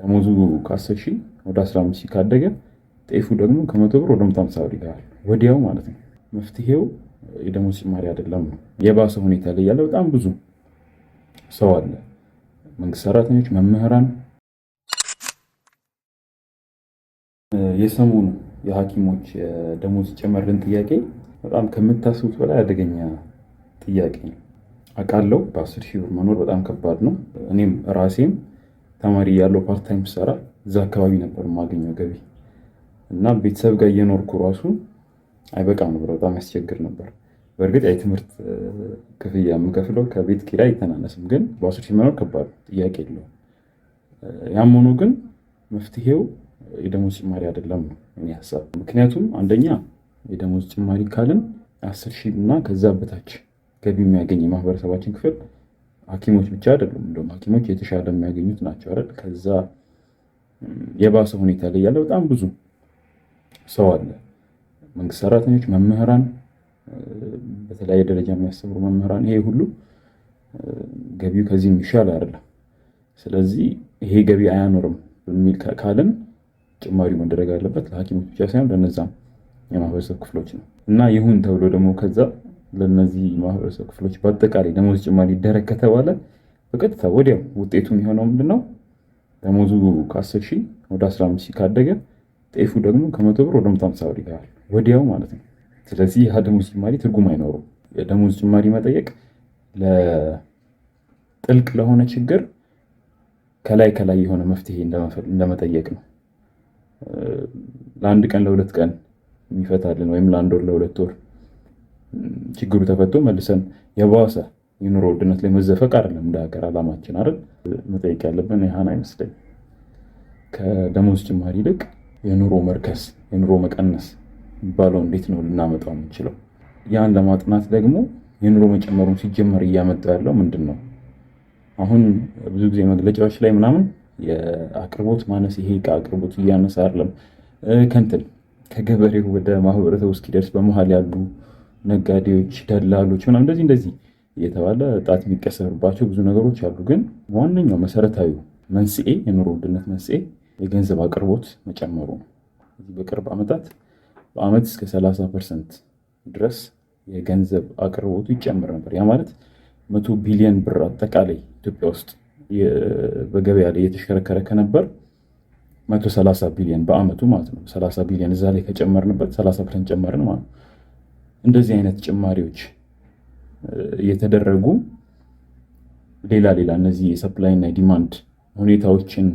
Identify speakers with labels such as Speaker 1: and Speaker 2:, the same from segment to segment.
Speaker 1: ደሞዙ ከአስር ሺህ ወደ 15 ሺህ ካደገ ጤፉ ደግሞ ከመቶ ብር ወደ መቶ ሃምሳ ብር ይገባል ወዲያው ማለት ነው። መፍትሄው የደሞዝ ጭማሪ አይደለም ነው። የባሰ ሁኔታ ላይ ያለ በጣም ብዙ ሰው አለ። መንግስት ሰራተኞች፣ መምህራን የሰሞኑ የሐኪሞች ደሞዝ ጨመርን ጥያቄ በጣም ከምታስቡት በላይ አደገኛ ጥያቄ ነው። አውቃለሁ በአስር ሺህ ብር መኖር በጣም ከባድ ነው። እኔም ራሴም ተማሪ ያለው ታይም ሰራ እዛ አካባቢ ነበር የማገኘው ገቢ እና ቤተሰብ ጋር እየኖርኩ ራሱ አይበቃም ነበር። በጣም ያስቸግር ነበር። በእርግጥ የትምህርት ክፍያ የምከፍለው ከቤት ኪራይ አይተናነስም፣ ግን በአሶች መኖር ከባድ ጥያቄ የለው። ያም ሆኖ ግን መፍትሄው የደሞዝ ጭማሪ አይደለም ነው ሀሳብ። ምክንያቱም አንደኛ የደሞዝ ጭማሪ ካልን አስር ሺህ እና ከዛ በታች ገቢ የሚያገኝ የማህበረሰባችን ክፍል ሐኪሞች ብቻ አይደሉም። እንደውም ሐኪሞች የተሻለ የሚያገኙት ናቸው አይደል? ከዛ የባሰ ሁኔታ ላይ ያለ በጣም ብዙ ሰው አለ። መንግስት ሰራተኞች፣ መምህራን፣ በተለያየ ደረጃ የሚያስተምሩ መምህራን፣ ይሄ ሁሉ ገቢው ከዚህ የሚሻል አይደለም። ስለዚህ ይሄ ገቢ አያኖርም በሚል ካልን ጭማሪ መደረግ አለበት ለሐኪሞች ብቻ ሳይሆን ለነዛም የማህበረሰብ ክፍሎች ነው እና ይሁን ተብሎ ደግሞ ከዛ ለነዚህ ማህበረሰብ ክፍሎች በአጠቃላይ ደሞዝ ጭማሪ ይደረግ ከተባለ በቀጥታ ወዲያው ውጤቱ የሚሆነው ምንድነው? ደሞዙ ከ10 ሺህ ወደ 15 ካደገ ጤፉ ደግሞ ከመቶ ብር ወደ መቶ ብር ይገባል ወዲያው ማለት ነው። ስለዚህ ያ ደሞዝ ጭማሪ ትርጉም አይኖሩም። የደሞዝ ጭማሪ መጠየቅ ለጥልቅ ለሆነ ችግር ከላይ ከላይ የሆነ መፍትሄ እንደመጠየቅ ነው። ለአንድ ቀን ለሁለት ቀን የሚፈታልን ወይም ለአንድ ወር ለሁለት ወር ችግሩ ተፈቶ መልሰን የባሰ የኑሮ ውድነት ላይ መዘፈቅ አይደለም እንደ ሀገር አላማችን አይደል። መጠየቅ ያለብን ይህን አይመስለኝ ከደሞዝ ጭማሪ ይልቅ የኑሮ መርከስ የኑሮ መቀነስ የሚባለው እንዴት ነው ልናመጣው የምንችለው? ያን ለማጥናት ደግሞ የኑሮ መጨመሩን ሲጀመር እያመጣ ያለው ምንድን ነው? አሁን ብዙ ጊዜ መግለጫዎች ላይ ምናምን የአቅርቦት ማነስ ይሄ ከአቅርቦት እያነሳ አይደለም ከንትን ከገበሬው ወደ ማህበረሰቡ እስኪደርስ በመሀል ያሉ ነጋዴዎች፣ ደላሎች ምናምን እንደዚህ እንደዚህ እየተባለ ጣት የሚቀሰርባቸው ብዙ ነገሮች አሉ። ግን ዋነኛው መሰረታዊ መንስኤ የኑሮ ውድነት መንስኤ የገንዘብ አቅርቦት መጨመሩ ነው። በቅርብ ዓመታት በዓመት እስከ 30 ፐርሰንት ድረስ የገንዘብ አቅርቦቱ ይጨምር ነበር። ያ ማለት መቶ ቢሊዮን ብር አጠቃላይ ኢትዮጵያ ውስጥ በገበያ ላይ እየተሽከረከረ ከነበር 130 ቢሊዮን በዓመቱ ማለት ነው። 30 ቢሊዮን እዛ ላይ ከጨመርንበት 30 ፐርሰንት ጨመርን ማለት ነው። እንደዚህ አይነት ጭማሪዎች የተደረጉ ሌላ ሌላ እነዚህ የሰፕላይ እና ዲማንድ ሁኔታዎችን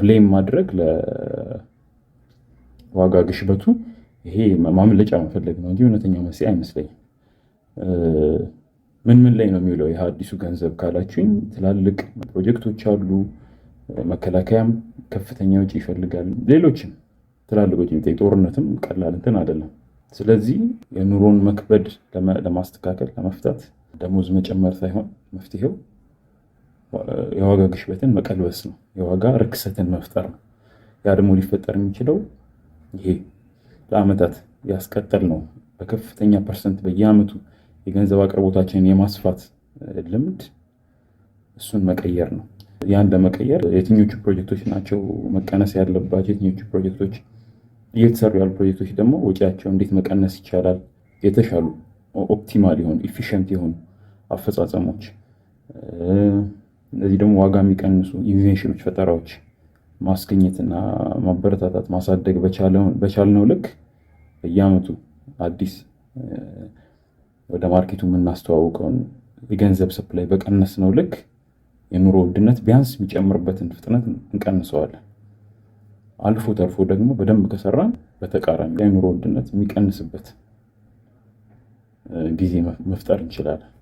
Speaker 1: ብሌም ማድረግ ለዋጋ ግሽበቱ ይሄ ማምለጫ መፈለግ ነው እንጂ እውነተኛው መስ አይመስለኝም። ምን ምን ላይ ነው የሚውለው ይህ አዲሱ ገንዘብ ካላችሁኝ፣ ትላልቅ ፕሮጀክቶች አሉ። መከላከያም ከፍተኛ ውጪ ይፈልጋል። ሌሎችም ትላልቆች ጦርነትም ቀላል እንትን አይደለም። ስለዚህ የኑሮን መክበድ ለማስተካከል ለመፍታት ደሞዝ መጨመር ሳይሆን መፍትሄው የዋጋ ግሽበትን መቀልበስ ነው። የዋጋ ርክሰትን መፍጠር ነው። ያ ደግሞ ሊፈጠር የሚችለው ይሄ ለአመታት ያስቀጠል ነው በከፍተኛ ፐርሰንት በየአመቱ የገንዘብ አቅርቦታችንን የማስፋት ልምድ እሱን መቀየር ነው። ያን ለመቀየር የትኞቹ ፕሮጀክቶች ናቸው መቀነስ ያለባቸው፣ የትኞቹ ፕሮጀክቶች እየተሰሩ ያሉ ፕሮጀክቶች ደግሞ ወጪያቸው እንዴት መቀነስ ይቻላል፣ የተሻሉ ኦፕቲማል የሆኑ ኢፊሽንት የሆኑ አፈጻጸሞች፣ እነዚህ ደግሞ ዋጋ የሚቀንሱ ኢንቬንሽኖች፣ ፈጠራዎች ማስገኘትና ማበረታታት ማሳደግ በቻልነው ልክ በየአመቱ አዲስ ወደ ማርኬቱ የምናስተዋውቀውን የገንዘብ ሰፕላይ በቀነስነው ልክ የኑሮ ውድነት ቢያንስ የሚጨምርበትን ፍጥነት እንቀንሰዋለን። አልፎ ተርፎ ደግሞ በደንብ ከሰራን በተቃራኒ የኑሮ ውድነት የሚቀንስበት ጊዜ መፍጠር እንችላለን።